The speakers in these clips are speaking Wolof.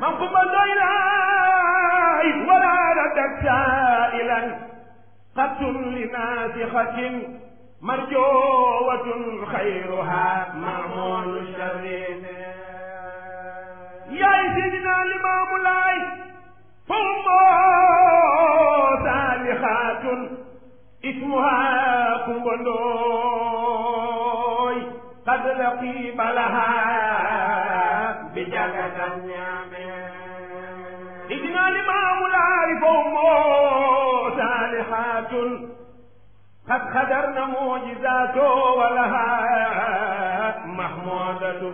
من قم الليل ولا ردت سائلا قط لناسخة مرجوة خيرها معمول الشرين يا سيدنا الإمام الله فهم سالخات اسمها قد لقيب لها بجلد النار القوم سالحات قد خدرن معجزات ولها محمودة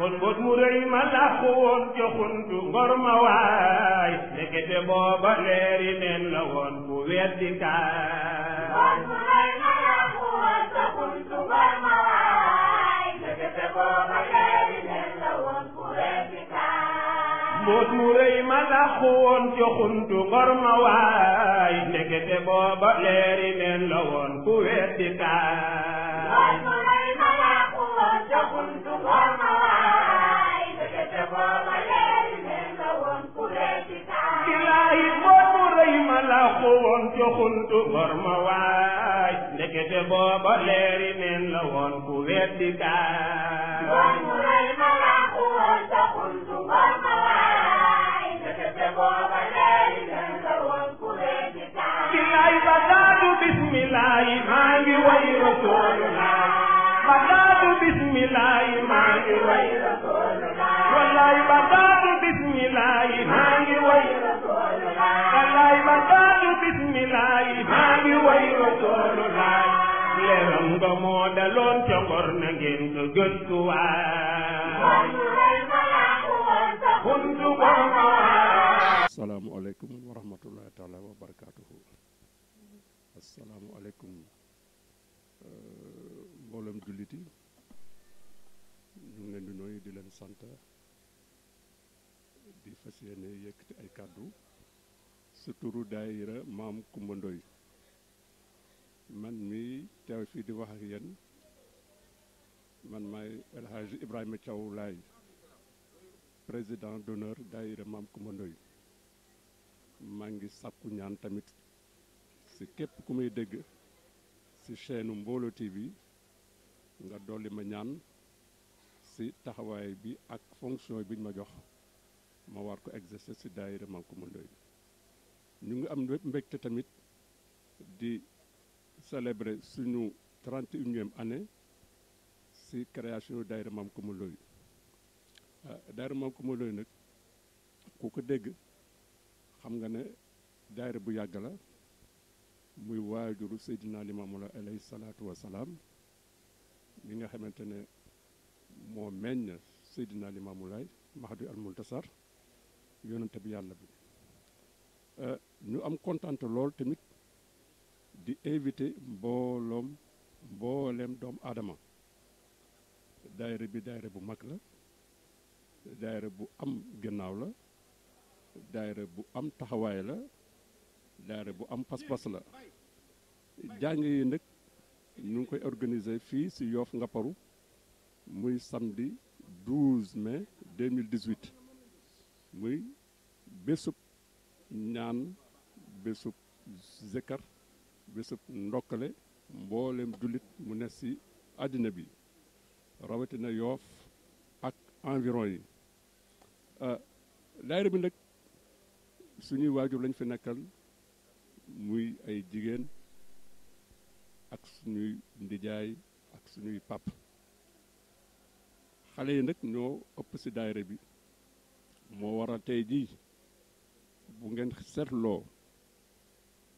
kon bët mu rëy ma làqu woon joxuntu ngor ma waay nekkete booba leeri neen la woon bu weddi kaay kon mu rëy ma làqu woon joxuntu ngor ma waay nekkete booba mbóot mu rëy ma làquwoon ci xuntu ngor ma waay ndekete booba leeri neen la woon ku weddi kaay mbóot mu rëy ma làquwoon ci xuntu ngor ma waay jàpp woon ci xuntu gor ma waay ndekete booba leeri neen la woon ku weddi kaay woon mu rëy ma laa ku woon ca xuntu gor ma waay ndekete booba leeri neen la woon ku weddi kaay billaahi ba daadu bismillaahi modalon cokor ca ngor na ngeen ko gëstuwaay buntu boobaay asalaamualeykum taala wa barakatuhu asalaamualeykum mboolem eh, ñu ngi di nuyu di leen sant di fas yéene yëkkati ay kàddu su turu daayira maam Kumba Ndoy man mii teew fii di wax ak yéen man may El Hadji Ibrahima Thiaw président d'honneur daayira Maam Coumba Ndoye maa ngi sàkku ñaan tamit si képp ku may dégg si chaîne Mboolo TV nga dolli ma ñaan si taxawaay bi ak fonction bi ñu ma jox ma war ko exercer si daayira Maam Coumba ñu ngi am mbégte tamit di célébrer suñu trente et unième année si création daayira Maam Coumba Ndoye euh, daayira Maam Coumba Ndoye nag ku ko dégg xam nga ne daayira bu yàgg la muy waajuru Seydina Limaamu la alayhi salaatu salaam mi nga xamante ne moo meññ Seydina Limaamu Laay Mahdi al Muntasar yonente bi yàlla bi euh, ñu am kontaan lool tamit di invité mbooloom mbooleem doomu aadama daayira bi daayira bu mag la daayira bu am ginnaaw la daayira bu am taxawaay la daayira bu am pas-pas la jàng yi nag ñu ngi koy organiser fii si nga Ngaparou muy samdi 12 mai 2018 muy bésub ñaan bésub zikar bésub ndokkale mbooleem jullit mu nekk ci àddina bi rawatina yoof ak environ yi euh, daayira bi nag suñuy waajur lañ fi nekkal muy ay jigéen ak suñuy ndijaay ak suñuy pap xale yi nag ñoo ëpp ci daayira bi moo waral tey jii bu ngeen seetloo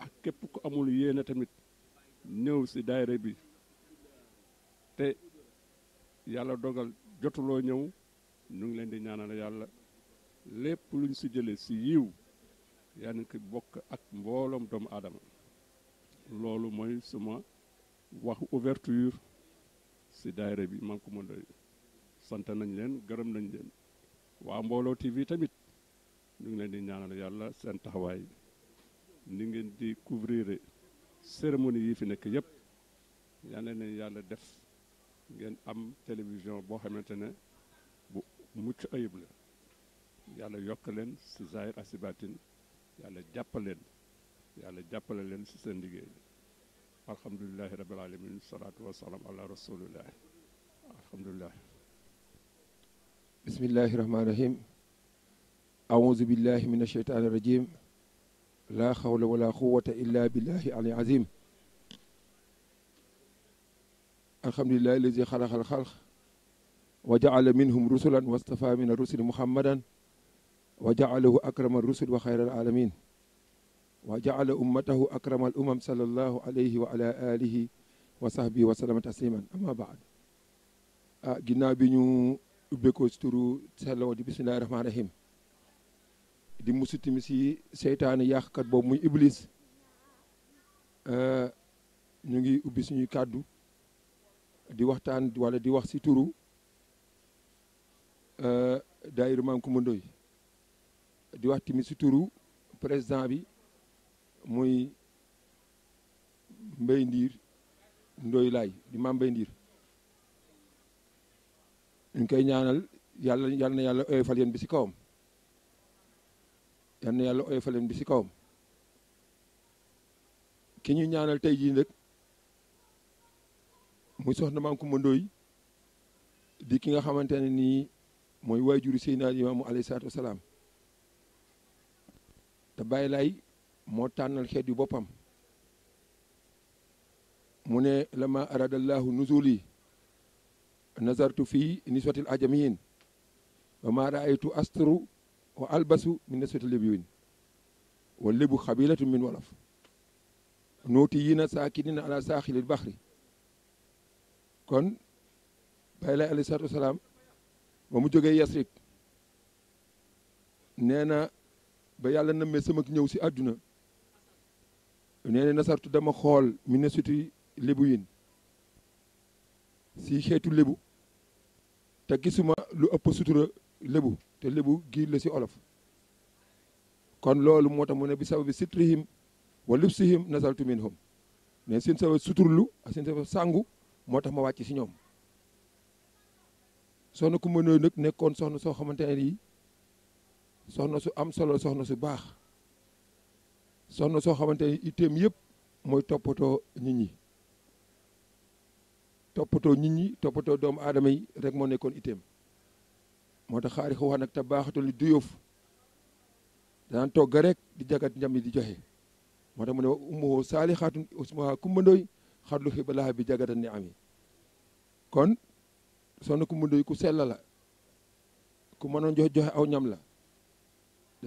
ak képp ku amul yéene tamit ñëw si daayira bi te yàlla dogal jotuloo ñëw ñu ngi leen di ñaanal yàlla lépp luñ si jëlee si yiw yaa ngi ko bokk ak mbooloom doomu aadama loolu mooy suma waxu ouverture si daayira bi man ko mën doy sant nañ leen gërëm nañ leen waa Mbooloo TV tamit ñu leen di ñaanal yàlla seen taxawaay ningen di couvrir cérémonie yi fi nek yëpp yàlla ne yàlla def ngeen am télévision bo xamantene bu mucc ayib la yàlla yok len ci zahir asibatin yalla jappal len yàlla jappal len ci sen liggéey alhamdullilah rabbil alamin salatu wassalam ala rasulillah alhamdullilah bismillahir rahmanir rahim a'udhu billahi minash shaitanir rajim لا حول ولا قوة إلا بالله العلي العظيم الحمد لله الذي خلق الخلق وجعل منهم رسلا واصطفى من الرسل محمدا وجعله أكرم الرسل وخير العالمين وجعل أمته أكرم الأمم صلى الله عليه وعلى آله وصحبه وسلم تسليما أما بعد جنابي bi ñu ubbee ko ci turu sell di musu tamit si seytaane kat boobu muy iblis euh, ñu ngi ubbi suñuy kàddu di waxtaan wala di wax si turu euh, daayiru Maam Coumba Ndoye di wax timi turu président bi muy Mbay Ndiir lai di mam bendir, Ndiir ñu ngi koy ñaanal yàlla na yàlla bi yal na yàlla oyofaleen bi ci kawam ki ñu ñaanal tey jii nag muy soxna Maam Kumba Ndooy di ki nga xamante ne nii mooy waajuru Seydina Limaamu alayhi salaatu wasalaam te bàyyi moo tànnal xeet yu boppam mu ne lama aradallahu nuzuli nazartu fii niswatil ajamiyin wa ma raaytu astru وألبسوا من نسوة الليبيين والليب خبيلة من ولف نوتيين ساكنين على ساحل البحر كون بايلا عليه الصلاة والسلام ومجوغي يسرق نانا بايلا نمي سمك نيوسي أدنى نانا نصرت دم خول من نسوة الليبيين سيخيتو الليبو تاكي سما لو أبو سترة الليبو te lébu giir la si olof kon loolu moo tax mu ne bi sababi sitrihim wa si lubsihim nazaltu minhum ne seen sabab suturlu ak seen sabab sàngu moo tax ma wàcc si ñoom soxna ku mënoo na nekkoon soxna soo xamante ne yi soxna su am solo soxna su baax soxna soo xamante ne itteem yëpp mooy toppatoo nit ñi toppatoo nit ñi toppatoo doomu aadama yi rek moo nekkoon itteem moo xari xaari xawaan ak tabaaxatul li duyof dan to garek di jagat njam di joxe moo tax mu ne wa ummuhu saalixaatun ismuhaa kumbandooy bi jagata kon sonu kumbandooy ku sell la ku mënoon jox joxe aw ñam la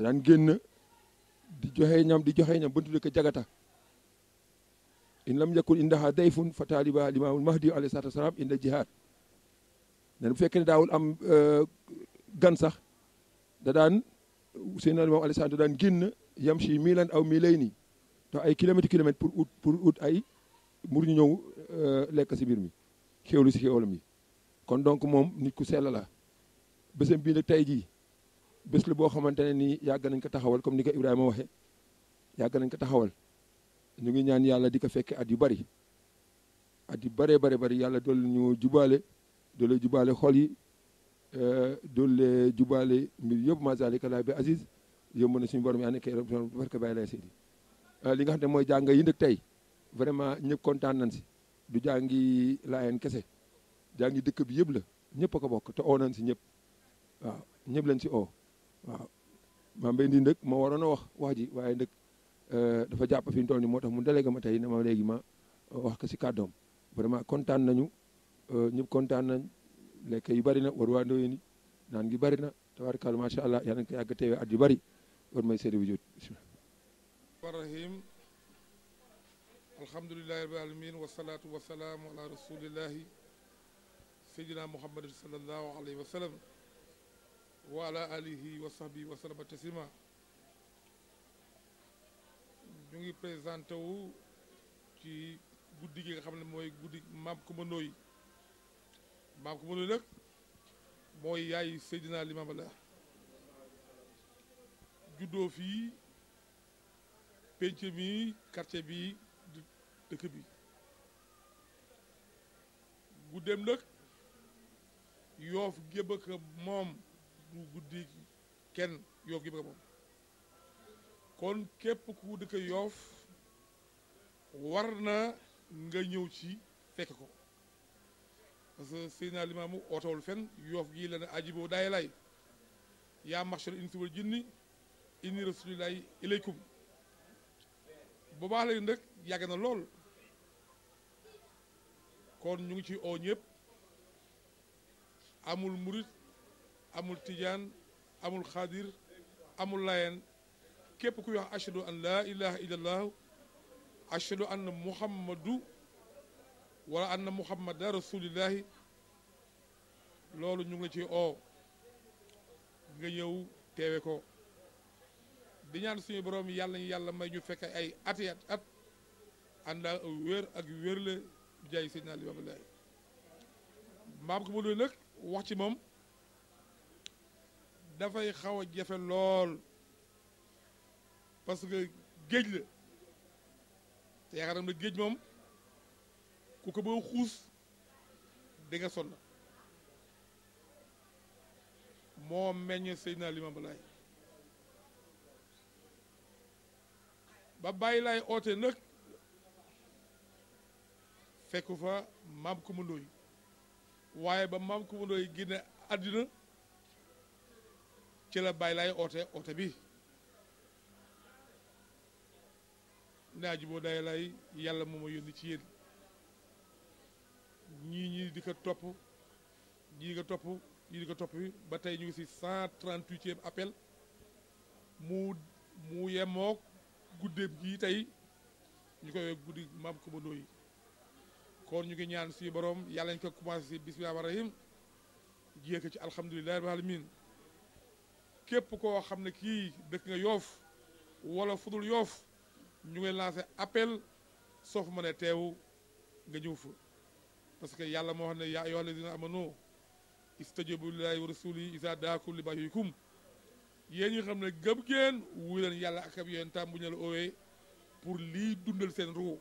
dan genn di joxe ñam di joxe ñam buntu ke jagata in lam yakun indaha dayfun fataliba taaliba mahdi alayhi salatu wassalam inda jihad dan bu fekkee ne am eh, gan sax da daan seen moom Alassane da daan génn yam si milan aw mi nii te ay kilomètre kilomètre pour ut pour ut ay mur ñu ñëw euh, lekk si biir mi xéwlu si xéwalam yi kon donc moom nit ku sell la bésam bii nag tey jii bés la boo xamante ne nii yàgg nañ ko taxawal comme ni ko Ibrahima waxe yàgg nañ ko taxawal ñu ngi ñaan yàlla di ko fekke at yu bari at yu baree bari bari yàlla dool ñu jubaale doole jubaale xol yi Euh, doole jubale mbir yëpp masalika laa bi Aziz yomb na suñu borom yaa nekkee barke Baye lay Seydi euh, li nga xam ne mooy jàng yi nag tey vraiment ñëpp kontaan nañ si du jàngi laayeen kese jàngi dëkk bi yëpp la ñëpp ko bokk te si ñëpp waaw ñëpp lañ si oo waaw maa mbay ndi nag ma waroon a wax wax ji waaye nag euh, dafa jàpp fi mu toll nii moo tax mu délégué ma tey ne ma léegi ma wax ko si kàddoom vraiment kontaan nañu ñëpp kontaan nañ lekk yu bëri war waa ndoyéen yi naan gi bëri na tabaarkalla macha allah yal nañu ko yàgg a yu bëri war may seede bu jot bismillah alhamdulilahi rabbil alamin wasalaatu wasalaamu ala rasulillahi sayidina muhammadin salallahu alayhi wa wa ala alihi wa sahbihi wa sallama taslima ñu ngi présenté wu ci guddi gi nga xam ne mooy guddi maam ku mënul nag mooy yaay Seydina Limaamu Laay juddoo fii penc mi quartier bi dëkk bi gu dem nag yoof gépp ak moom du guddi kenn yoof gépp ak moom kon képp ku dëkk yoof war na nga ñëw ci fekk ko parce que Seydina Limaamu ootawul fenn yoof gii la ne ajiboo daay lay yaa machar insi wal jinni inni rasulillahi ilaykum bu baax la nag yàgg na lool kon ñu ngi ci oo ñëpp amul murit amul tijaan amul xaadir amul layen képp kuy wax ashhadu an laa ilaha illallah ashhadu anna muhammadu wala anna muhammada rasulillahi loolu ñu ngi la ci oo nga ñëw teewe ko di ñaan suñu borom yàlla ñu yàlla may ñu fekk ay ati at at ànda wér ak wér la jaay Seydina Limaamu Laay maam ko ma nag wax ci moom dafay xaw a jafe lool parce que géej la te yaakaar na géej moom ku ko bëgg a xuus di nga sonn moo meññ Seydina Limaamu Laay ba bàyyi laay oote nag fekku fa maam Kumba waaye ba maam Kumba Ndooy àddina ci la bàyyi laay oote oote bi naa ji boo day lay yàlla mooma yónni ci yéen ñii ñii di ko topp ñii nga topp ñii di ko topp ba tey ñu ngi si cent trente huitième appel mu mu yemook guddeem gii tey ñu koy guddi maam Kumba yi kon ñu ngi ñaan si borom yàlla ñu ko commencé si bismillah rahim jéeg ci alhamdulilah rabbil miin képp koo xam ne kii dëkk nga yoof wala fudul yoof ñu ngi lancé appel soofu ma ne teew nga ñëw fa parce que yàlla moo xam ne yaa ayyuhal ladina amanu istajibu lillahi wa rasuli isa daakum li bayikum yéen ñu xam ne gëm ngeen wuy leen yàlla ak ab yonentam bu ñu la pour lii dundal seen ruu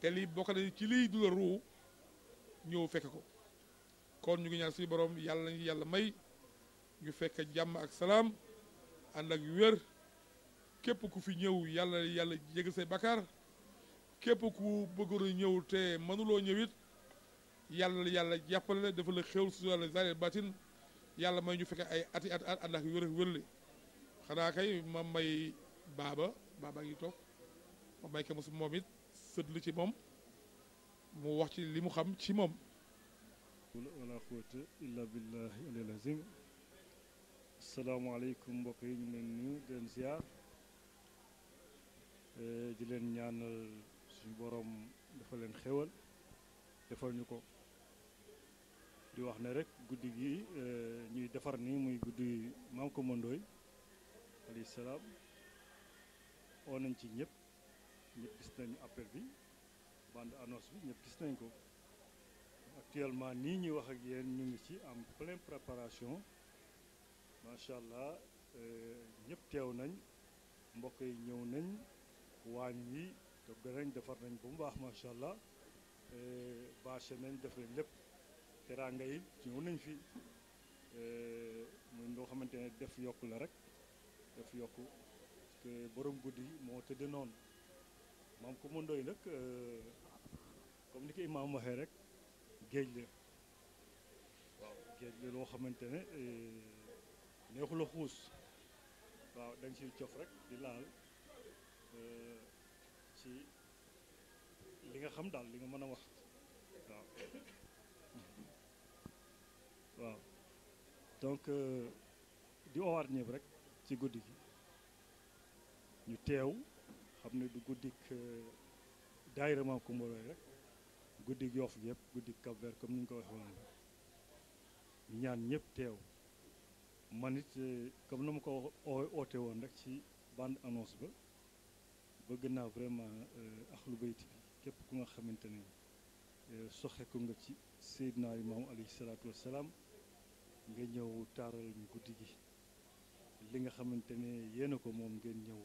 te lii bokk na ci lii dundal ruu ñëw fekk ko kon ñu ngi ñaan borom yàlla nañu yàlla may ñu fekk jàmm ak salaam ànd ak wér képp ku fi ñëw yàlla yàlla jégal say bakkaar képp ku bëggoon ñëw te mënuloo ñëwit yàlla la yàlla jàppale la dafa la su yàlla zaahir baatin yàlla may ñu fekke ay ati at at ànd ak wér wérle xanaa kay ma may baaba baaba ngi toog ma may ko mos moom it sët li ci moom mu wax ci li mu xam ci moom wala quwwata illa yi ñu leen nuyu di leen ziar eh, di leen ñaanal suñu borom dafa leen xéwal defal ñu ko di wax ne rek guddi gi euh, ñuy defar ni muy guddi maam ko mondoy alayhi salaam oo nañ ci ñep ñep gis nañ appel bi bande annonce bi ñep gis nañ ko actuellement ni ñi wax ak yeen ñu ngi ci am plein préparation sha allah euh, ñep tew nañ mbokk yi ñew nañ waañ yi togg nañ defar nañ bu baax ma sha allah euh, nañ def lepp teraanga yi ñëw nañ fi euh, muy loo xamante ne def yokk la rek def yokk te borom guddi moo tëdd noonu maam ko mu ndoy nag euh, comme ni ko imaam waxee rek géej la waaw géej la loo xamante ne euh, neexul xuus waaw da ci siy cof rek di laal ci li nga xam daal li nga mën a wax waaw waaw donc euh, di oowaat ñëpp rek ci guddi gi ñu teew xam ne du guddik euh, daayira Maam Coumba Ndoye rek guddik Yoff gi yëpp guddik Cap Vert comme ni ñu ko waxee woon ñaan ñëpp teew man it euh, comme nu ma ko oote woon rek ci bande annonce ba bëgg naa vraiment axlu bayti bi képp ku nga xamante ne soxe nga ci Seydina moom alayhi salaatu wassalaam nga ñëw taaral ñu guddi gi li nga xamante ne yéen a ko moom ngeen ñëw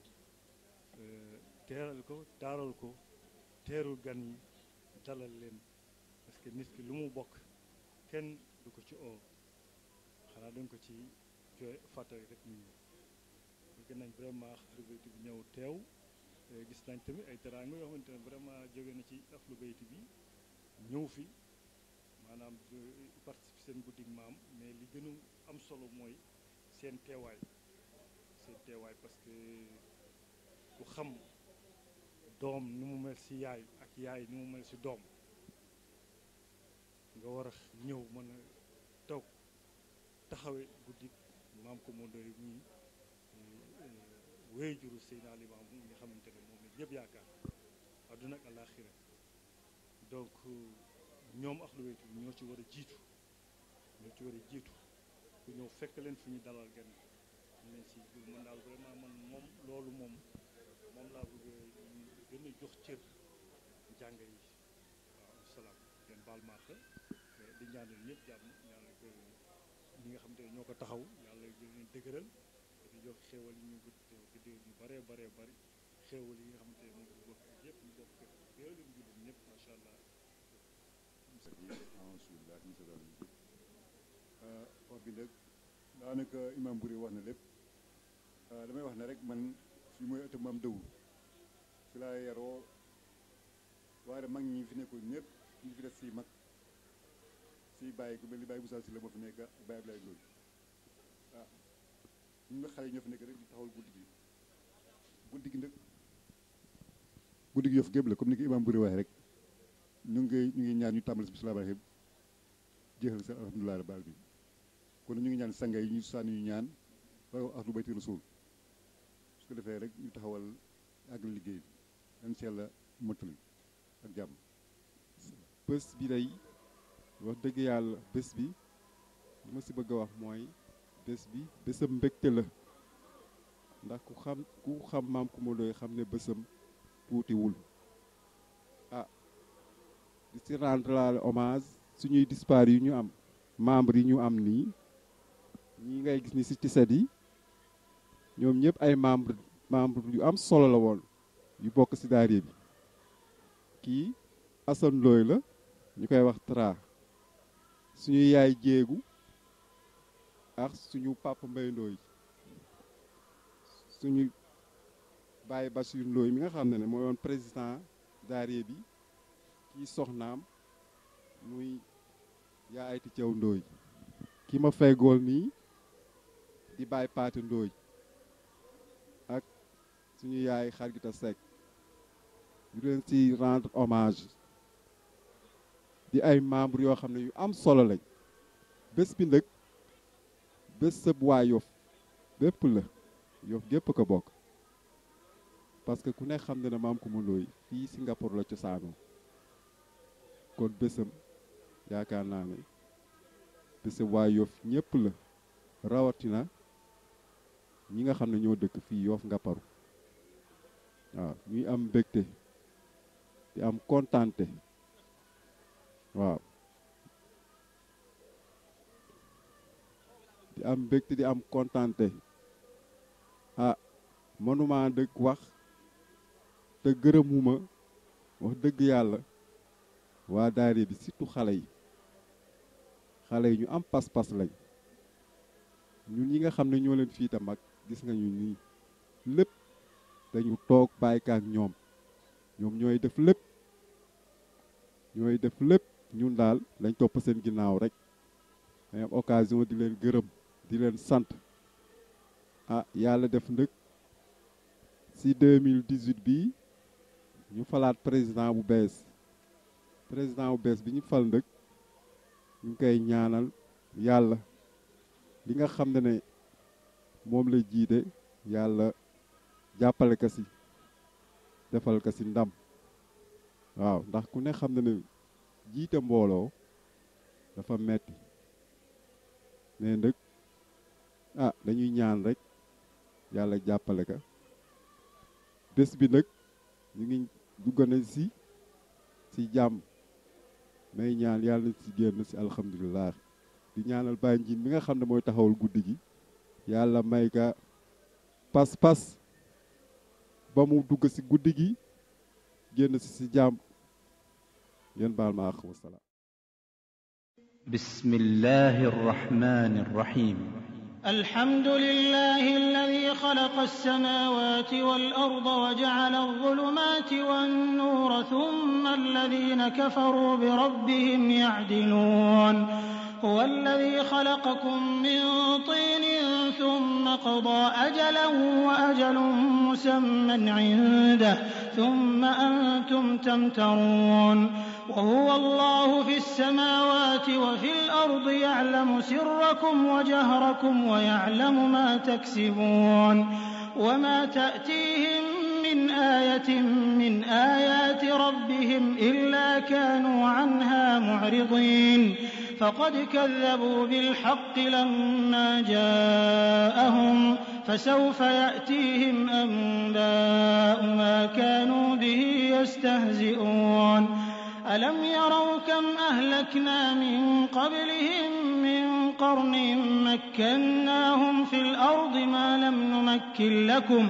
euh, teeral ko taaral ko teeru gan yi dalal leen parce que nit ki lu mu bokk kenn du ko ci oo xanaa duñ ko ci jooy rek nit ñi bëgg nañ vraiment ahlu bayti bi ñëw teew euh, gis nañ tamit ay teraanga yoo ne vraiment jóge na ci ahlu bi ñëw fi maanaam euh, parti seen guddig maam mais li gënu am solo mooy seen teewaay seen teewaay parce que ku xam doom ni mu mel si yaay ak yaay ni mu mel si doom nga war a ñëw mën a toog taxawe guddig maam ko moo doy muy wéy juru Seydina Limaamu nga xamante ne moom la ñëpp yaakaar adduna ak àllaaxira donc ñoom ak lu wéytu ñoo ci war a jiitu ñoo ci jiitu ku ñëw fekk leen fi ñu dalal gan ñu leen si jiw man daal vraiment man moom loolu moom moom laa bëgg gën a jox cër njàng yi waaw salaam leen baal maax di ñaanal ñëpp jàmm ñaanal ko nga xam te ñoo ko taxaw yàlla leen dëgëral di jox xéewal yi ñu ngi ko di ñu baree baree bari xéewal yi nga xam te moom ñu yëpp ñu bokk xéewal yi ñu ñëpp macha allah. wax bi nag daanaka imam Bouré wax na lépp euh, damay wax ne rek man fi mooy ëtt maam dëwu fi laa yaroo waaye mag ñi fi nekkoon ñëpp ñu fi def si mag si bàyyi ku mel ni bàyyi Moussa si la moo fi nekk ak bàyyi Abdoulaye Ndoye waaw ah, ñu nga xale yi ñoo fi nekk rek di taxawal guddi gi guddi gi nag guddi gi yof gépp la comme ni ko imam Bouré waxee rek ñu ngi ñu ngi ñaan ñu tàmbali si bisimilah rahim jeexal sa alhamdulilah rabbil alamin kon ñu ngi ñaan sanga yi ñu sànni ñu ñaan waaw ahlu bayti rasul su ko defee rek ñu taxawal àgg liggéey bi incha allah mottali ak jàmm. bés bi day wax dëgg yàlla bés bi li ma si bëgg a wax mooy bés bi bésam mbégte la ndax ku xam ku xam maam ku ma doy xam ne bésam tuutiwul ah di si rendre la hommage suñuy disparus yu ñu am membre yi ñu am nii. ñi ngay gis ni si tiset yi ñoom ñëpp ay membre membre yu am solo la woon yu bokk si daare bi kii Assane Looy la ñu koy wax tra suñu yaay jéegu ak suñu papa Mbay Ndooy suñu Baye Bassir Ndooy mi nga xam ne ne mooy woon président daare bi kii soxnaam muy yaa ayti Thiaw Ndooy ki ma fay gool nii di bàyyi paati ndóoj ak suñu yaay Xarguita Seck ñu leen ci rendre omage di ay membre yoo xam ne yu am solo lañ bés bi nag bés waa Yoff bépp la Yoff gépp ko bokk parce que ku ne xam ne ne maam ku mu looy fii Singapour la cosaanoo kon bésam yaakaar naa ne bésam waa Yoff ñëpp la rawatina ñi nga xam ne ñoo dëkk fii nga Ngaparou waaw ñuy am mbégte di am kontanté waaw di am mbégte di am kontante ah mënumaa dëkk wax te gërëmuma wax dëgg yàlla waa daare bi surtout xale yi xale yi ñu am pas-pas lañ ñun ñi nga xam ne ñoo leen fii te mag gis nga ñu nii lépp dañu toog bàyyi ñoom ñoom ñooy def lépp ñooy def lépp ñun daal lañ topp seen ginnaaw rek dañ am di leen gërëm di leen sant ah yàlla def ndëg si 2018 bii ñu falaat président bu bees président bu bees bi ñu fal ndëg ñu koy ñaanal yàlla li nga xam ne ne moom la jiite yàlla jàppale ka si defal ka si ndam waaw ndax ku ne xam na jiite mbooloo dafa metti mais nag a ah, dañuy ñaan rek yàlla jàppale ka bés bi nag ñu ngi dugg nañ si si jàmm may ñaan yàlla na si génn si alhamdulilah di ñaanal bàyyi njiit mi nga xam ne mooy taxawul guddi gi yàlla may ga pass pass ba mu dugg ci guddigi génn ci ci jàmm yeen bal ma akhu wasalaam بسم الله الرحمن الرحيم الحمد لله الذي خلق السماوات والارض وجعل الظلمات والنور ثم الذين كفروا بربهم يعدلون هو الذي خلقكم من طين ثم قضى أجلا وأجل مسمى عنده ثم أنتم تمترون وهو الله في السماوات وفي الأرض يعلم سركم وجهركم ويعلم ما تكسبون وما تأتيهم من آية من آيات ربهم إلا كانوا عنها معرضين فقد كذبوا بالحق لما جاءهم فسوف يأتيهم أنباء ما كانوا به يستهزئون ألم يروا كم أهلكنا من قبلهم من قرن مكناهم في الأرض ما لم نمكن لكم ۖ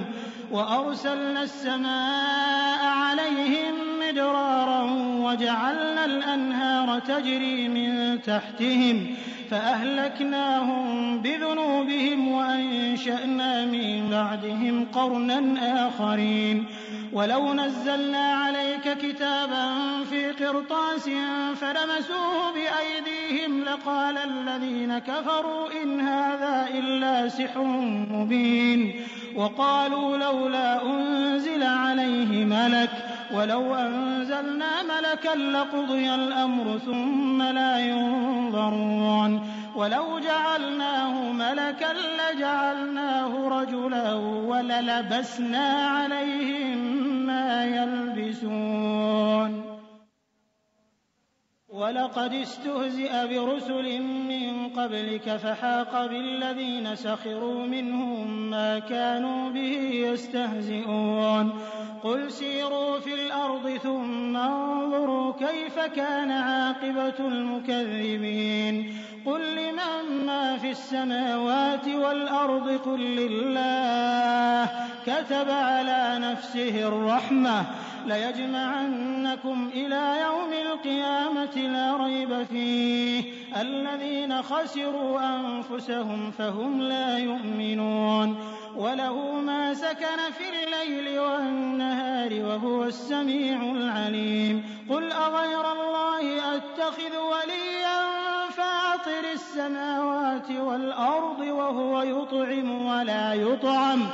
وأرسلنا السماء عليهم مدرارا وجعلنا الأنهار تجري من تحتهم فأهلكناهم بذنوبهم وأنشأنا من بعدهم قرنا آخرين ولو نزلنا عليك كتابا في قرطاس فلمسوه بأيديهم لقال الذين كفروا إن هذا إلا سحر مبين وقالوا لولا أنزل عليه ملك ولو أنزلنا ملكا لقضي الأمر ثم لا ينظرون ولو جعلناه ملكا لجعلناه رجلا وللبسنا عليهم ما يلبسون ولقد استهزئ برسل من قبلك فحاق بالذين سخروا منهم ما كانوا به يستهزئون قل سيروا في الارض ثم انظروا كيف كان عاقبه المكذبين قل لمن ما في السماوات والارض قل لله كتب على نفسه الرحمه ليجمعنكم إلى يوم القيامة لا ريب فيه الذين خسروا أنفسهم فهم لا يؤمنون وله ما سكن في الليل والنهار وهو السميع العليم قل أغير الله أتخذ وليا فاطر السماوات والأرض وهو يطعم ولا يطعم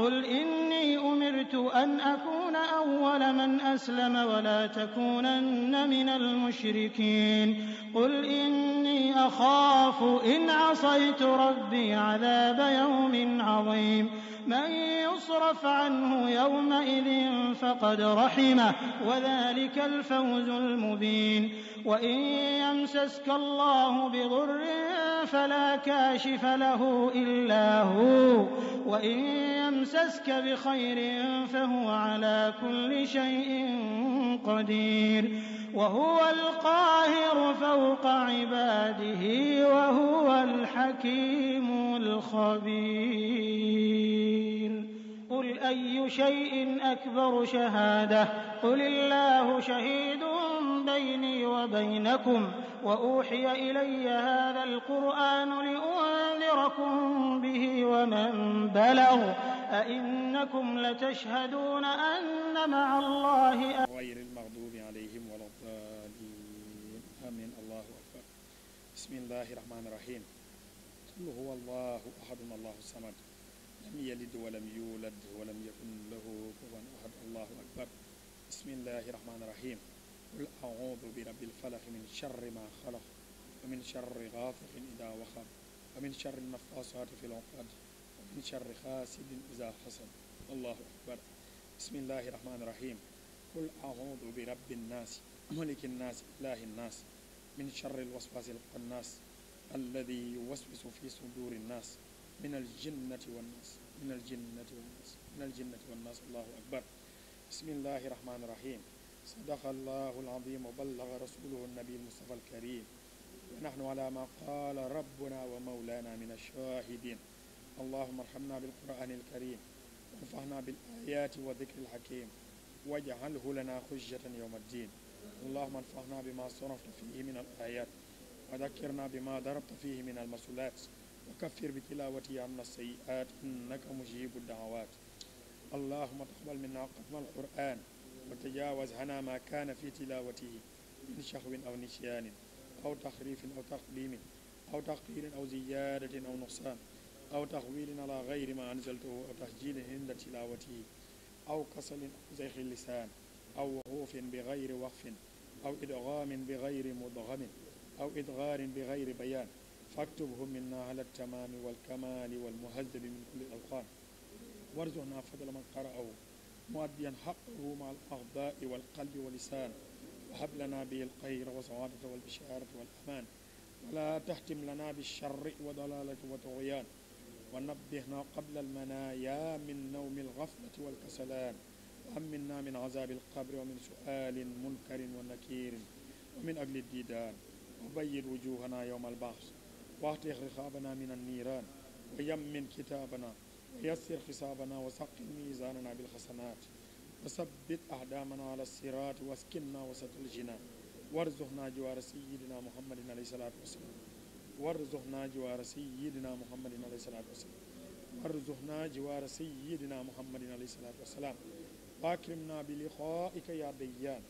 قل إني أمرت أن أكون أول من أسلم ولا تكونن من المشركين قل إني أخاف إن عصيت ربي عذاب يوم عظيم من يصرف عنه يومئذ فقد رحمه وذلك الفوز المبين وإن يمسسك الله بضر فلا كاشف له إلا هو وإن يمسسك بخير فهو على كل شيء قدير وهو القاهر فوق عباده وهو الحكيم الخبير قل أي شيء أكبر شهادة قل الله شهيد بيني وبينكم وأوحي إلي هذا القرآن لأنذركم به ومن بلغ أئنكم لتشهدون أن مع الله أ... بسم الله الرحمن الرحيم قل هو الله أحد الله الصمد لم يلد ولم يولد ولم يكن له كفوا أحد الله أكبر بسم الله الرحمن الرحيم قل أعوذ برب الفلق من شر ما خلق ومن شر غافق إذا وخر ومن شر النفاثات في العقد ومن شر حاسد إذا حسد الله أكبر بسم الله الرحمن الرحيم قل أعوذ برب الناس ملك الناس إله الناس من شر الوسواس القناص الذي يوسوس في صدور الناس من الجنة والناس من الجنة والناس من الجنة والناس الله أكبر بسم الله الرحمن الرحيم صدق الله العظيم وبلغ رسوله النبي المصطفى الكريم ونحن على ما قال ربنا ومولانا من الشاهدين اللهم ارحمنا بالقرآن الكريم وانفعنا بالآيات والذكر الحكيم واجعله لنا حجة يوم الدين اللهم انفعنا بما صرفت فيه من الآيات وذكرنا بما ضربت فيه من المسؤولات وكفر بتلاوتي عن السيئات إنك مجيب الدعوات اللهم تقبل منا قدم القرآن وتجاوز عنا ما كان في تلاوته من شهو أو نسيان أو تخريف أو تقديم أو تقدير أو زيادة أو نقصان أو تخويل على غير ما أنزلته أو تسجيل عند تلاوته أو كسل أو زيخ اللسان أو وقوف بغير وقف أو إدغام بغير مدغم أو إدغار بغير بيان فاكتبهم منا على التمام والكمال والمهذب من كل الألقان وارزقنا فضل من قرأه مؤديا حقه مع الأعضاء والقلب واللسان وهب لنا به الخير والسعادة والبشارة والأمان ولا تحتم لنا بالشر وضلالة وطغيان ونبهنا قبل المنايا من نوم الغفلة والكسلان وأمنا من عذاب القبر ومن سؤال منكر ونكير ومن أجل الديدان وبيض وجوهنا يوم البعث واعطي رقابنا من النيران ويمن كتابنا ويسر حسابنا وسقم ميزاننا بالحسنات وثبت أقدامنا على الصراط واسكننا وسط الجنان وارزقنا جوار سيدنا محمد عليه الصلاة والسلام وارزقنا جوار سيدنا محمد عليه الصلاة والسلام وارزقنا جوار سيدنا محمد عليه الصلاة والسلام واكرمنا بلقائك يا ديان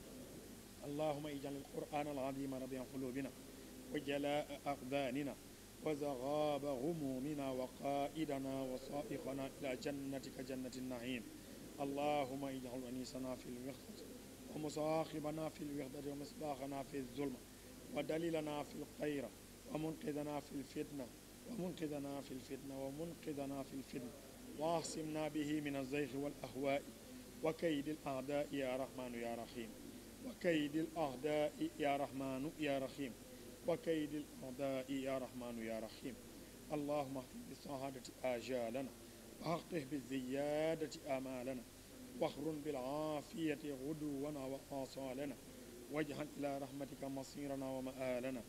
اللهم اجعل القرآن العظيم ربيع قلوبنا وجلاء أقداننا وزغاب غمومنا وقائدنا وصائقنا إلى جنتك جنة النعيم اللهم اجعل أنيسنا في الوحدة ومصاحبنا في الوحدة ومصباحنا في الظلمة ودليلنا في الخير ومنقذنا في الفتنة ومنقذنا في الفتنة ومنقذنا في الفتنة واعصمنا به من الزيغ والأهواء وكيد الأعداء يا رحمن يا رحيم وكيد الأعداء يا رحمن يا رحيم وكيد الأعداء يا رحمن يا رحيم اللهم اهدنا بالسعادة آجالنا وأخطه بالزيادة آمالنا واخرن بالعافية غدونا وآصالنا واجعل إلى رحمتك مصيرنا ومآلنا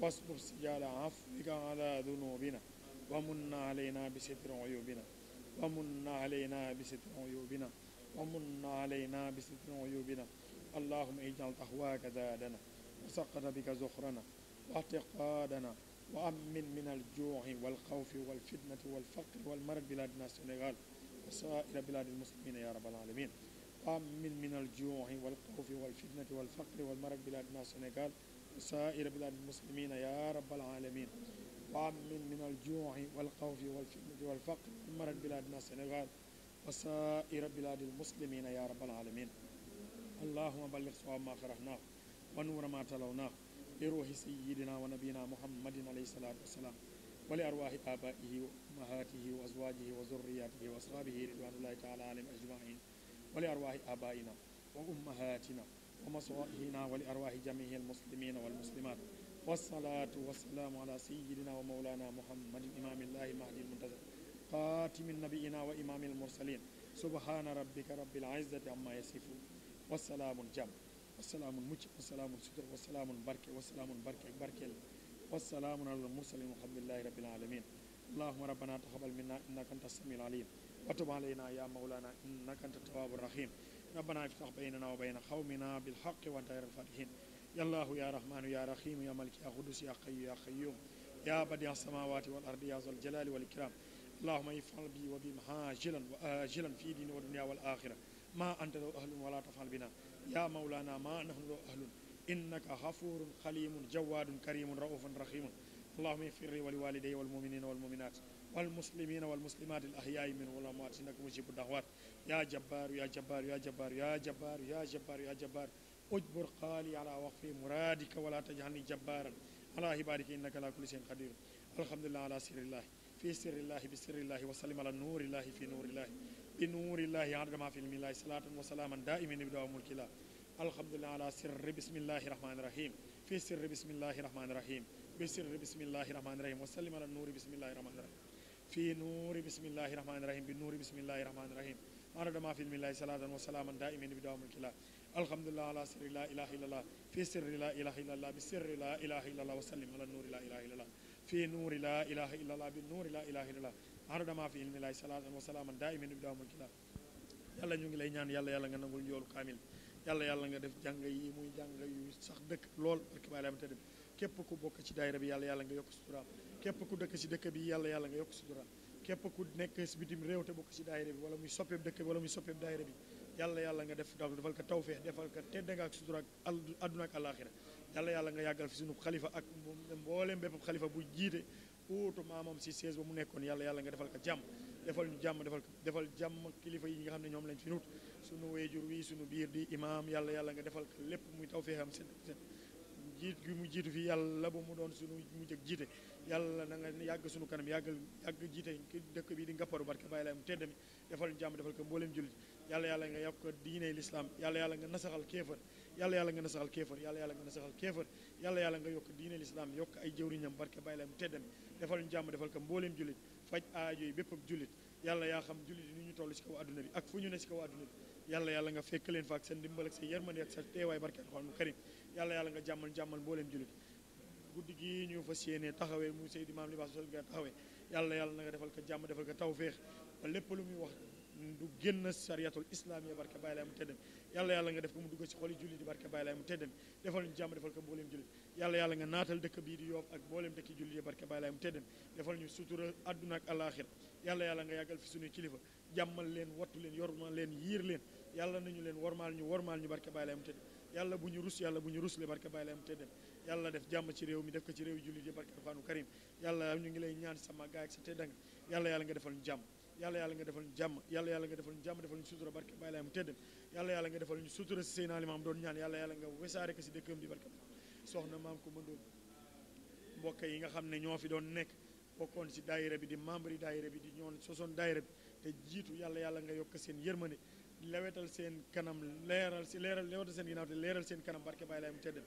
واصبر سجال عفوك على ذنوبنا ومن علينا بستر عيوبنا ومن علينا بستر عيوبنا ومن علينا بستر عيوبنا اللهم اجعل تهواك زادنا وسقط بك زخرنا واعتقادنا وأمن من الجوع والخوف والفتنة والفقر والمرض بلادنا السنغال وسائر بلاد المسلمين يا رب العالمين وأمن من الجوع والخوف والفتنة والفقر والمرض بلادنا السنغال وسائر بلاد المسلمين يا رب العالمين وأمن من الجوع والخوف والفتنة والفقر والمرض بلادنا السنغال وسائر بلاد المسلمين يا رب العالمين اللهم بلغ صواب ما قرأنا ونور ما تلونا لروح سيدنا ونبينا محمد عليه الصلاة والسلام ولأرواح آبائه وأمهاته وأزواجه وذرياته وأصحابه رضوان الله تعالى عليهم أجمعين ولأرواح آبائنا وأمهاتنا ومصائحنا ولأرواح جميع المسلمين والمسلمات والصلاة والسلام على سيدنا ومولانا محمد إمام الله المهدي المنتظر خاتم النبيين وإمام المرسلين سبحان ربك رب العزة عما يصفون والسلام الجم والسلام المجد والسلام الستر والسلام البركة والسلام البركة البركة والسلام على المرسلين والحمد لله رب العالمين اللهم ربنا تقبل منا إنك أنت السميع العليم وتب علينا يا مولانا إنك أنت التواب الرحيم ربنا افتح بيننا وبين قومنا بالحق وأنت خير الفاتحين يا الله يا رحمن يا رحيم يا ملك يا قدوس يا قيوم يا قيوم يا بديع السماوات والأرض يا ذا الجلال والإكرام اللهم افعل بي وبهم عاجلا واجلا في دين والدنيا والاخره ما انت ذو اهل ولا تفعل بنا يا مولانا ما نحن ذو اهل انك غفور خليم جواد كريم رؤوف رحيم اللهم اغفر لي ولوالدي والمؤمنين والمؤمنات والمسلمين والمسلمات الاحياء من والاموات انك مجيب الدعوات يا جبار يا جبار يا جبار يا جبار يا جبار يا جبار اجبر قالي على وقف مرادك ولا تجعلني جبارا على عبادك انك على كل شيء قدير الحمد لله على سر الله في سر الله بسر الله وسلم على نور الله في نور الله بنور الله عدد ما في علم الله صلاة وسلاما دائما بدعاء وملك الله الحمد لله على سر بسم الله الرحمن الرحيم في سر بسم الله الرحمن الرحيم بسر بسم الله الرحمن الرحيم وسلم على نور بسم الله الرحمن الرحيم في نور بسم الله الرحمن الرحيم بنور بسم الله الرحمن الرحيم عدد ما في علم الله صلاة وسلاما دائما بدعاء وملك الله الحمد لله على سر لا إله إلا الله في سر لا إله إلا الله بسر لا إله إلا الله وسلم على نور لا إله إلا الله في نور لا إله إلا الله بالنور لا إله إلا الله عرض ما في علم الله صلاة وسلاما دائما بدوام الكلام yàlla ñu ngi lay ñaan yàlla yàlla nga nangul njoolu kaamil yàlla yàlla nga def jàng yi muy jàng yu sax dëkk lool barki bàyyi lamte bi képp ku bokk ci daayira bi yàlla yàlla nga yokk suturaam képp ku dëkk si dëkk bi yàlla yàlla nga yokk suturaam képp ku nekk si bitim réew te bokk si daayira bi wala muy soppeeb dëkk bi wala muy soppeeb daayira bi yàlla yàlla nga def defal ko tawfeex defal ko tedd nga ak sutura ak àdduna ak àllaaxira yàlla yàlla nga yàggal fi suñu xalifa ak mboolem bépp xalifa bu jiite uutu maamam si sees mu nekkoon yàlla yàlla nga defal ko jàmm defal jàmm defal defal jàmm kilifa yi nga xam ne ñoom lañ fi nut suñu wéyjur wi suñu biir di imaam yàlla yàlla nga defal lépp muy taw feexam seen seen jiit gi mu jiitu fi yàlla ba mu doon suñu mu jëg jiite yàlla na nga yàgg suñu kanam yàggal yàgg jiite dëkk bi di ngapparu barke bàyyi laay mu tedd mi defal ñu jàmm defal ko mbooleem jullit yàlla yàlla nga yàpp ko lislaam yàlla yàlla nga nasaxal kéefar yàlla yàlla nga na saxal kéefar yàlla yàlla nga na saxal kéefar yàlla yàlla nga yokk diine lislaam yokk ay jëwriñam barke bàyyi la mu teddami defal ñu jàmm defal ko mbooleem jullit faj aajo yi bépp ab jullit yàlla yaa xam jullit yi ni ñu toll si kaw adduna bi ak fu ñu ne si kaw adduna bi yàlla yàlla nga fekk leen fa ak seen dimbal ak sa yërmande ak sa teewaay barke alxuraan mu karim yàlla yàlla nga jàmmal jàmmal mbooleem jullit guddi gi ñu fas yéene taxawee mu Seydi Maam Libaas nga taxawee yàlla yàlla nga defal ko jàmm defal ko tawféex ba lépp lu muy wax du génn sariyatul islaamiya barke bàyyi laay mu tëddam yàlla yàlla nga def ko mu dugg ci xoli jullit di barke bàyyi laay mu tëddam defal ñu jàmm defal ko mbooleem jullit yàlla yàlla nga di barke bàyyi laay mu tëddam yàlla def jàmm ci réew mi def ko ci réew jullit yi barke alxuraanu karim yàlla ñu ngi lay ñaan sama gaay ak sa teddanga yàlla yàlla nga defal ñu jàmm yàlla yàlla nga defal ñu jàmm yàlla yàlla nga defal ñu jàmm defal ñu sutura barke bàyyi laay mu tedd yàlla yàlla nga defal ñu sutura si Seydina Limaam doon ñaan yàlla yàlla nga wesaare ko si dëkkam yi nga xam ne ñoo fi doon nekk bokkoon si daayira bi di membre yi daayira bi di ñoon sosoon daayira bi te jiitu yàlla yàlla nga yokk seen yërmande lewetal seen kanam leeral si leeral lewetal seen ginnaaw te leeral seen kanam barke bàyyi laay mu tedd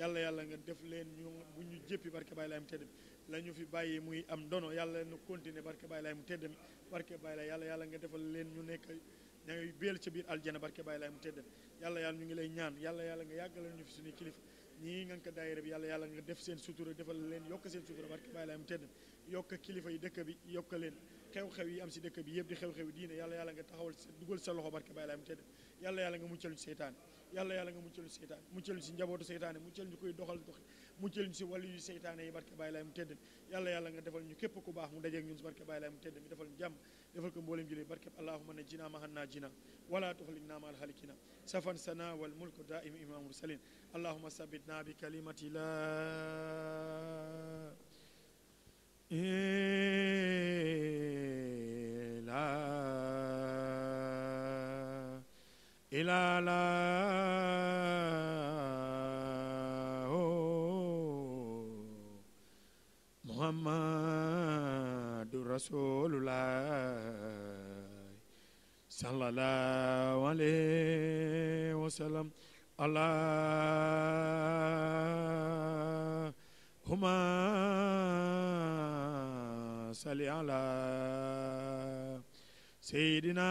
yàlla yàlla nga def leen ñu bu ñu jéppi barke bàyyi laay mu tedd ñu fi bàyyi muy am ndono yàlla na continuer barke bàyyi laay mu tedd mi barke bàyyi nga defal leen ñu nekk ña ngay béel ca biir aljana barke bàyyi laay mu tedd mi yàlla ñu ngi lay ñaan yàlla yàlla nga yàggalal ñu fi suñuy kilifa ñii nga ko daayira bi yàlla nga def seen sutura defal leen yokk seen sutura barke bàyyi laay mu tedd yokk kilifa yi dëkk bi yokk leen xew-xew yi am si dëkk bi yëpp di xew-xew diine yàlla yàlla nga taxawal dugal sa loxo barke bàyyi laay mu tedd yàlla yàlla nga muccal ñu seytaane yàlla yàlla nga muccalu si seytaane muccalu si njabootu seytaane muccal ñu koy doxal doxi muccal ñu si wàllu yu seytaane yi barke bàyyi laay mu tedd yàlla yàlla nga defal ñu képp ku baax mu dajeeg ñun si barke bàyyi laay mu tedd mi defal ñu jàmm defal ko mboolem julli barke allahumma najjina ma hanna jina wala tuxlinna ma alhalikina safan sana wal mulku daim imam mursalin allahumma sabitna bi kalimati la إلى لا محمد رسول الله صلى الله عليه وسلم اللهم صل على سيدنا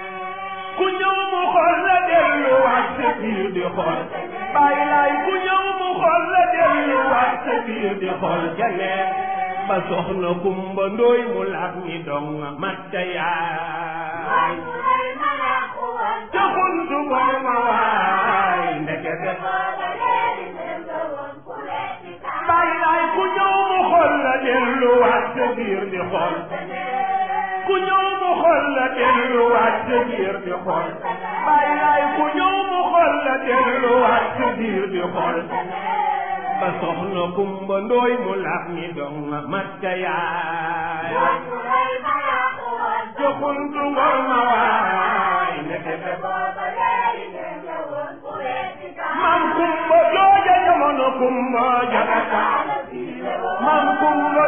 ku ñëw mu xool la delluwaat sa biir di xool bàyyi laay ku ñëw mu xool la delluwaat sa biir di xool janeen ba soxna kumba ndooy mu laab ñi dong matta yaay ca xuntu ba ma waay ndeke def bàyyi laay ku ñëw mu xool la delluwaat sa biir di xool ku ñëw mu xol la delluwaat sa biir di xol bàyyi laay ku ñëw mu xol la delluwaat sa biir di xol ba soxna kumba ndooy mu lax ni dong mat ca yaay joxuntu ngor ma waay ndekete booba yaay mam kumba jooja jamono kumba jagata mam kumba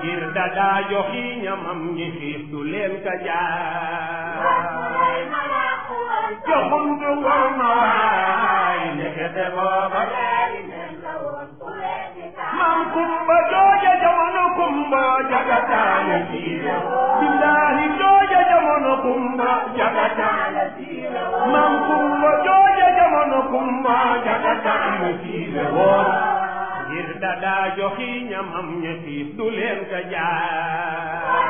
ngir da yohi ñamam ñi xiif du leen ka jaay joxum du war ma waay ndekete booba maam kumba jooja jamono kumba jagataana siira billaahi jooja jamono kumba jagataana siira maam kumba jooja jamono kumba jagataana siira woon da daa joxi ñamam ña du leen ka jaay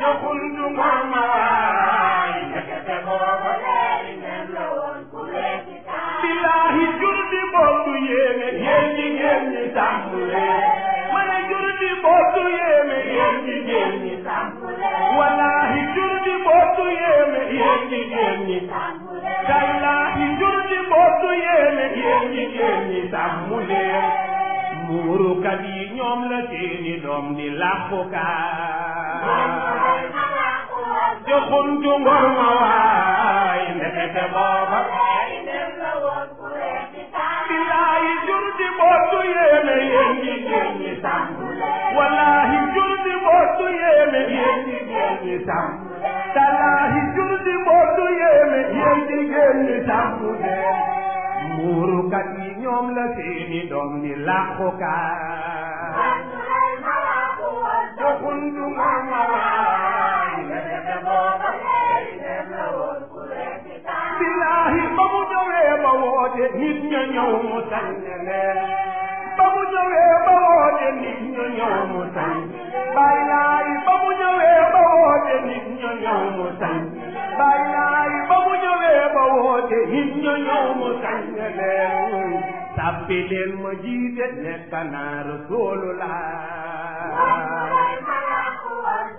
joxul du ngorma waay ndekete booba di boobu ñi tàmbu leen ma ne jur di yéen di boobu ñi tàmbu leen yéen jur di bootu yéeme yéen ñi géen ñi sàmmu wallaahi jur di bootu yéeme yéen ñi géen ñi sàmmu talaahi jur di bootu yéeme yéen ñi géen ñi sàmmu buurukat yi ñoom la seeni doom di làqukaay joxuntu mamaay billaahi ba mu ñëwee ba woote nit ña ñëw mu sañ leen ba mu ñëwee ba woote nit ña ñëw mu sañ bao nhiêu mu bao ba woote nit ña ñëw mu sañ woote nit ña ñëw mu sañ leen tàbbi leen ma jiite nekk naa rasulullah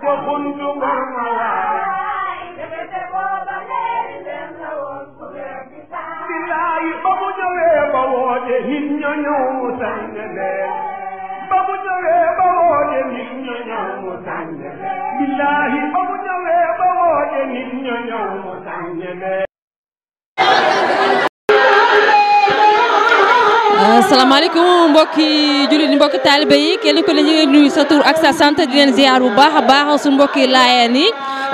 joxun du war ma waay bilaay ba mu ñëwee ba woote nit ña ñëw mu sañ leen ba mu ñëwee ba woote nit ña ñëw mu sañ leen bilaay ba mu ñëwee ba woote nit ña ñëw mu sañ leen asalaamaaleykum mbokki jullit yi mbokki taalibe yi kenn ku ne ñu ngi nuyu sa tur ak sa sant di leen ziar bu baax a baax su mbokki laayeen yi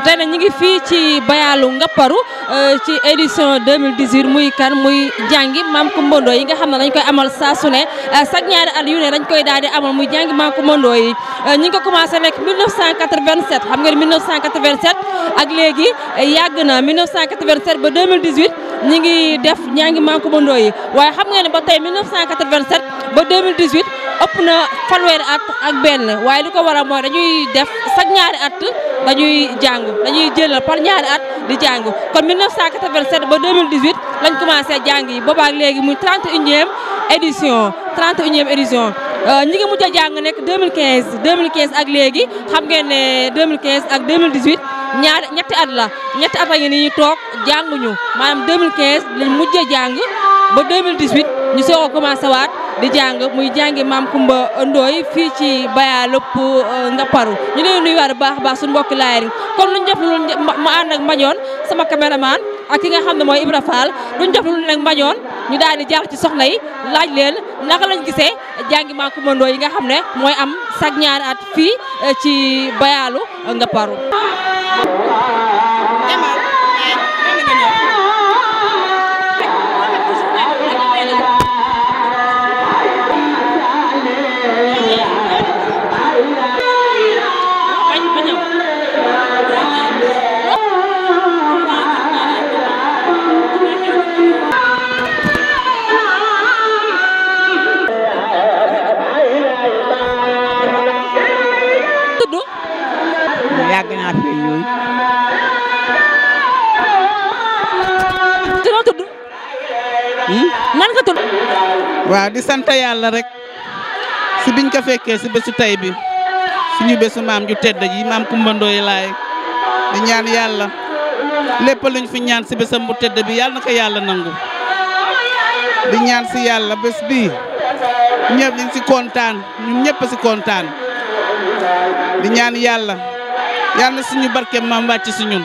tey nag ñu ngi fii ci bayaalu ngapparu euh, ci édition 2018 muy kan muy jàngi maam Coumba Ndoye yi nga xam ne dañ koy amal saa su ne euh, chaque ñaari at ne dañ koy daal di amal muy jàngi maam Coumba Ndoye yi euh, ñu ngi ko commencé nekk 1987 xam nga ne 1987 ak léegi yàgg na ba ñi ngi def ñaa ngi Maam Coumba Ndoye yi waaye xam nga ne ba tey 1987 ba 2018 ëpp na fanweeri at ak benn waaye li ko waral mooy dañuy def chaque ñaari at dañuy jàng dañuy jëlal par ñaari at di jàng kon 1987 ba 2018 lañ commencé jàng yi boobaak léegi muy 31e édition 31e édition euh, ñi ngi mujj a jàng nekk 2015 2015 ak léegi xam ngeen ne 2015 ak 2018 ñaari ñetti at la ñetti at a ngi ni ñu toog jànguñu maanaam 2015 lañ mujj a jàng ba 2018 ñu soog a commencé waat. di jàng muy jàngi maam Kumba Ndooy fii ci Baya Lëpp euh, Ngaparou ñu leen nuyu waat baax baax suñu mbokki laayar yi kon luñ def lu ma ànd ak Mbañoon sama caméraman ak ki nga xam ne mooy Ibra Fall duñ def lu nag Mbañoon ñu daal di jaar ci soxna yi laaj leen naka lañ gisee jàngi maam Kumba Ndooy yi nga xam ne mooy am sag ñaari at fii euh, ci Bayaalu Ngaparou nan nga tudd wa di sante yalla rek ci biñ ko fekke ci besu tay bi suñu besu maam ju tedd yi maam kumbandooy lay di ñaan yalla lepp luñ fi ñaan ci besam bu tedd bi yalla naka yalla nangu di ñaan ci yalla bes bi ñepp ñu ci contane ñun ñepp ci contane di ñaan yalla yalla suñu barke maam wacc si ñun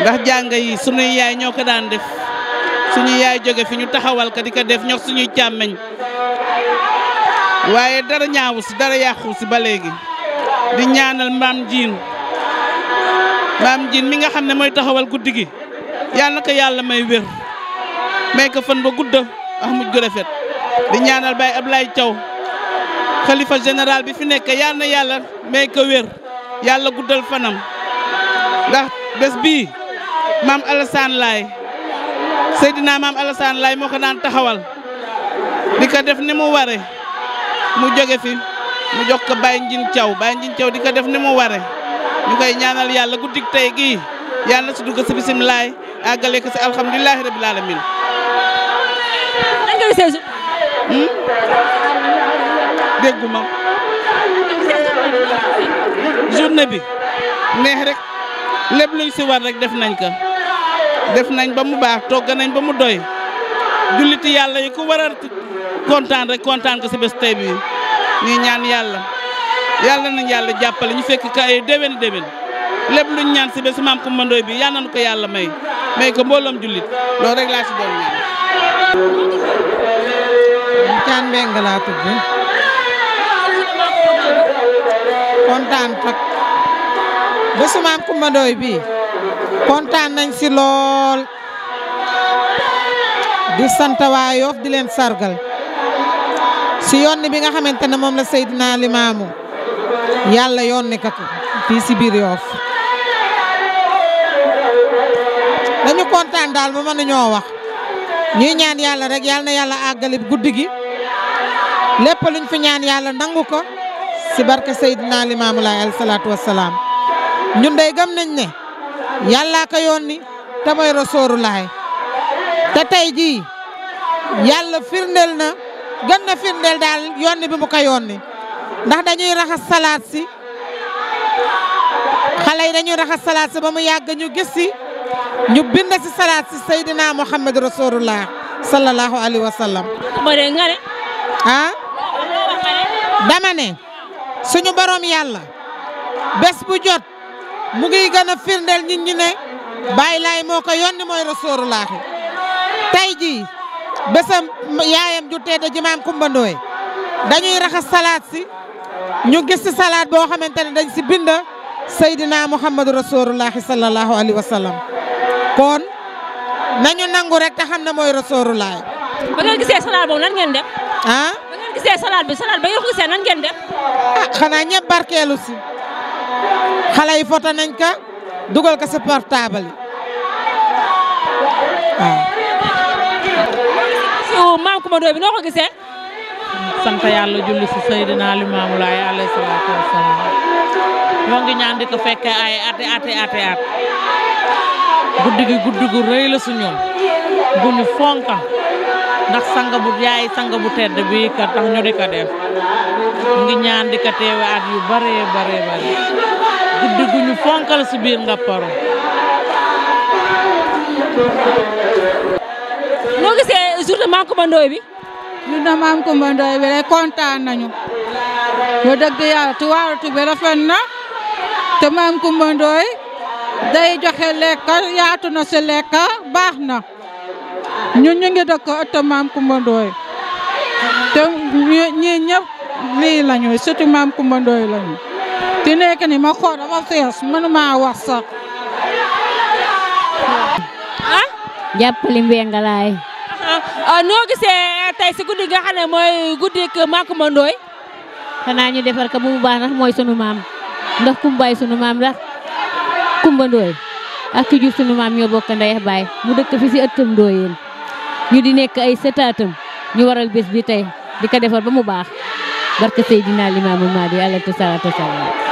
ndax jangay yi yaay ñoko daan def suñu yaay jóge fi ñu taxawal ka di ko def ñox suñuy càmmeñ waaye dara ñaawu si dara yàqu si ba léegi di ñaanal maam jiin maam jiin mi nga xam ne mooy taxawal guddi gi yàlla yàlla may wér may ko fan ba gudda ax ah, muj gu di ñaanal Baye Ablaye Thiaw xalifa général bi fi nekk yàlla na yàlla may ko yàlla guddal fanam ndax bés bii maam Alassane Laye Seydina Maam moo ko daan taxawal di ko def ni mu ware mu jóge mu jox ko Baye Njin Thiaw Baye Njin di ko def ni mu ware ñu koy ñaanal yàlla guddik tey gii yàlla na si dugg si bisimilah àggale ko si alhamdulilahi rabil alamin hmm? dégguma journée bi neex rek lépp luñ si war rek def nañ ko def nañ ba mu baax togg nañ ba mu doy julliti yàlla yi ku war a kontaan rek kontaan ko si bés tey bii ñaan yàlla yàlla nañ yàlla jàppale ñu fekk ka ay déwén déwén lépp luñ ñaan si bés maam bi yàlla nañu ko yàlla may may ko mbooloom jullit loolu rek laa si doon ñaan. Caan Mbengue laa tudd kontaan tak bésu maam Coumba kontan nañ si lol di sant waa di len sargal si yonni bi nga xamantene mom la sayyidina limamu yalla yonni ni fi ci bir yof Yoff dañu kontaan daal ba ñoo wax ñuy ñaan yalla rek yalla na yalla àggali guddigi lepp luñ fi ñaan yalla nangu ko si barke sayyidina limamu la al salatu wa salam. ñun day gam nañ ne yàllaa ko yónni te mooy rasoorulaay te tey jii yàlla firndeel na gën na firndeel daal yónni bi mu ko ndax dañuy raxas salaat si xale yi dañuy raxas salaat si ba mu yàgg ñu gis si ñu bind si salaat si Seydina Muhammad rasoorulaay sallallahu alayhi wa sallam. ah dama ne suñu borom yàlla bu jot. mu ngi gën a firndeel nit ñi ne Baay Laay moo ko yónni mooy rasooru laaxi tey jii bésam yaayam ju tedd ji maam dañuy raxas salaat si ñu gis si salaat boo xamante ne dañ si bind Seydina Muhammadu rasoorullaahi sallallahu alayhi wa kon nañu nangu rek te xam ne mooy rasoorullaahi. ba ngeen gisee salaat boobu nan ngeen def. ah ba ngeen gisee salaat bi salaat ba ngeen ko gisee nan ngeen def. ah xanaa ñëpp barkeelu si. xale yi foto nañ ko dugal ko si portable yi waaw. Oh, maam Coumba Ndoye bi noo ko gisee. sant yàlla julli si Seydina Limaamu Laay ay ati ati ati at. guddi gi guddi gu la su ñoom. gu ñu fonka ndax sang bu yaay sang bu tedd bi ka tax ñu di ko def ngi ñaan di ko teewe at bare bare bare guddi gu ñu fonkal si biir nga paru noo gisee journée Mame Coumba Ndoye bi journée Mame Coumba Ndoye bi rek kontaan nañu yoo dëgg yàlla tu waaratu bi rafet na te Mame Coumba Ndoye day joxe lekka yaatu na si lekka baax na ñun ñu ngi dëkk ëtt maam Kumba Ndooy te ñii ñëpp lii lañu surtout maam Kumba Ndooy lañu di nekk ni ma xool dafa fees mënuma wax sax ah jàppali mbengalaay noo gisee tey si guddi nga xam ne mooy guddi maam Kumba Ndooy xanaa ñu defar ko bu mu baax ndax mooy sunu maam ndax kumbaay sunu maam ndax Kumba Ndooy ak ki jur sunu maam ñoo bokk ndey ak baay mu dëkk fi si ëttam Ndooyeen ñu di nekk ay setaatam ñu waral bés bi tey di ko defar ba mu baax barke Seydina Limaamu Mahdi alayhi salaatu wa salaam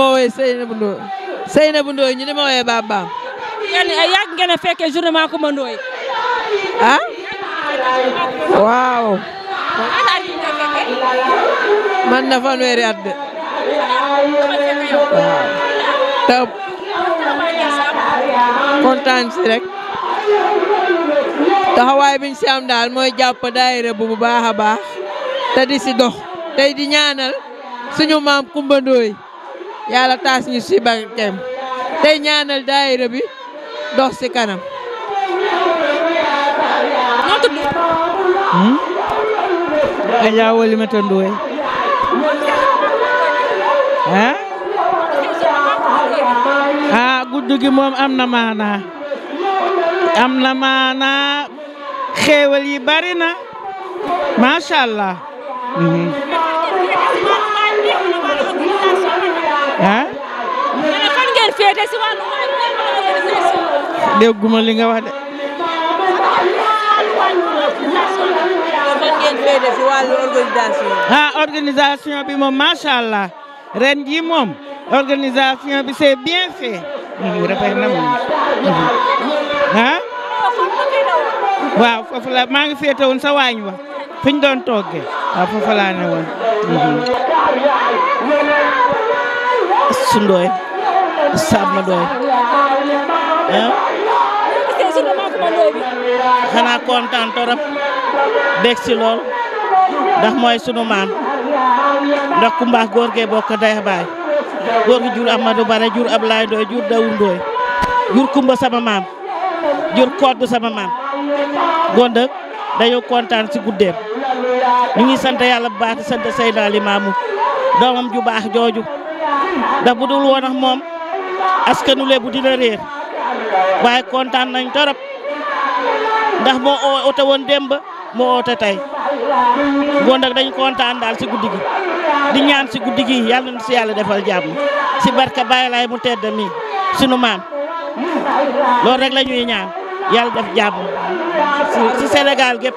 moo woy Seynabou ah? waaw. man na fanweeri at de. waaw. te rek. taxawaay biñ si am daal mooy jàpp daayira bu bu baax a baax. te dox tey di ñaanal suñu maam Coumba Ndoye yàlla taas ñu si barkeem tey ñaanal daayira bi dox ci kanam. noo tudd. Hmm? Adja Walimata Ndoye. ah. ah gudd gi moom am na maanaa. am na maanaa xéewal yi bari na macha féete si wàllu dégguma li nga wax de. fan ngeen féete si wàllu organisation. bi moom macha allah moom organisation bi c'est bien fait. rafet na moom ah. waaw foofu maa ngi féete woon sa waañ wa fi doon toggee waaw foofu laa ne woon. Samba Ndoye ah. kontaan torop bég si lool ndax mooy sunu maam ndax ku mbaax góor gee bokk day baay góor gi jur Amadou Bare jur Ablaye Ndoye jur Dawud jur Kumba sama maam jur Koddu sama maam kon nag kontaan si guddeem ñu ngi sant yàlla bu baax di sant Seydina jooju ndax bu dul woon moom. askanu Lebu dina réer waaye kontaan nañ torop ndax moo oote woon démb moo oote tey ngoon nag dañ kontaan daal si guddi di ñaan si guddi gi yàlla na si yàlla defal jàmm si barka mu tedd mi sunu maam loolu rek la ñuy ñaan yàlla def jàmm si Sénégal gépp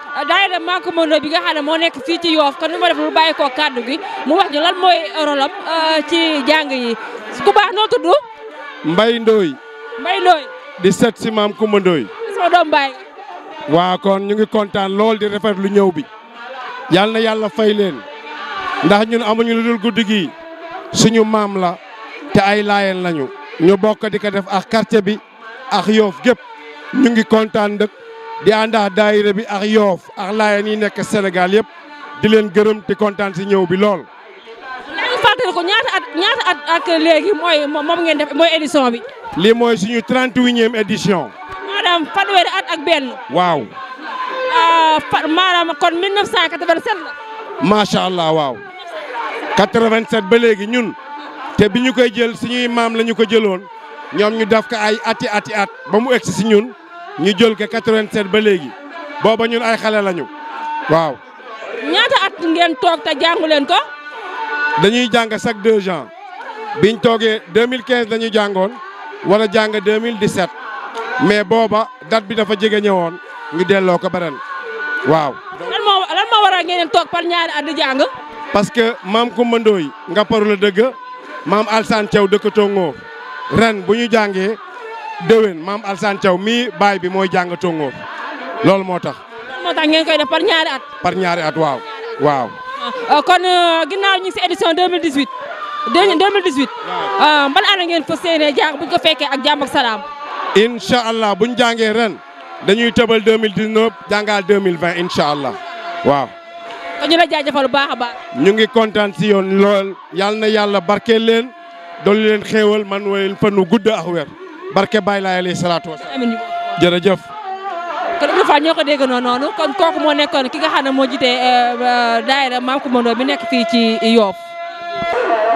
daayira Manko Mandoo bi nga xam ne nek fi ci Yoof kan numa def lu baye ko kaddu gi mu wax ni lan moy rolam euh, ci jang yi ku baax no tuddu Mbay ndoy Mbay ndoy di set si mam Kumba ndoy so do mbay wa kon ñu ngi contane lol di refet lu ñew bi yal yalla fay leen ndax ñun amuñu lu dul guddi gi suñu mam la te ay laayeen lañu ñu bokk di ko def ak quartier bi ak Yoof gep ñu ngi contane dekk di ànd ak daayira bi ak yoof ak laayeen yi nekk Sénégal yëpp di leen gërëm di kontaan si ñëw bi lool. léegi fàttali ko ñaata at ñaata at ak léegi mooy moom ngeen def mooy édition bi. lii mooy suñu 38e édition. maanaam fanweeri at ak benn. waaw. Ah, maanaam kon 1987 la. macha allah waaw. 87 ba léegi ñun. te bi ñu koy jël suñuy maam la ñu ko jëloon ñoom ñu def ko ay ati ati at ba mu egsi si ñun. ñu jël ko 87 ba léegi booba ñun ay xale waaw. ñaata at ngeen toog te jàngu leen dañuy jàng chaque deux ans biñ toogee 2015 la ñu jàngoon wala jàng 2017 mais booba date bi dafa jege ñëwoon ñu delloo ko ba waaw. lan moo lan moo ngeen toog par ñaari at di jàng. parce que maam Coumba Ndoye nga parul dëgg maam Alsaan Thiaw dëkk Tongo ren bu ñu jàngee. dewen Mam alsan Thiaw mi bay bi moy jang tongo lol motax motax ngeen koy def par ñaari at. par ñaari at waaw waaw. Ah, ah, kon euh, ginnaaw ñu ci edition 2018. 2018. euh mbal année ngeen fas séné jàng bu ko féké ak jamm ak salam inshallah allah jangé ren dañuy tëbal 2019 jangal 2020 inshallah allah waaw. ñu la jajeufal bu baax a baax. ñu ngi kontaan ci yoon lol yalla na yalla barké leen dolli leen xéewal man wayel fannu gudd ak weer. barke Baye Laye alayhi salaatu jërëjëf. kon Ibra ñoo ko noonu kon kooku moo nekkoon ki nga xam ne moo jiite euh, euh, daayira Maam Coumba Ndoye bi nekk fii ci Yoff.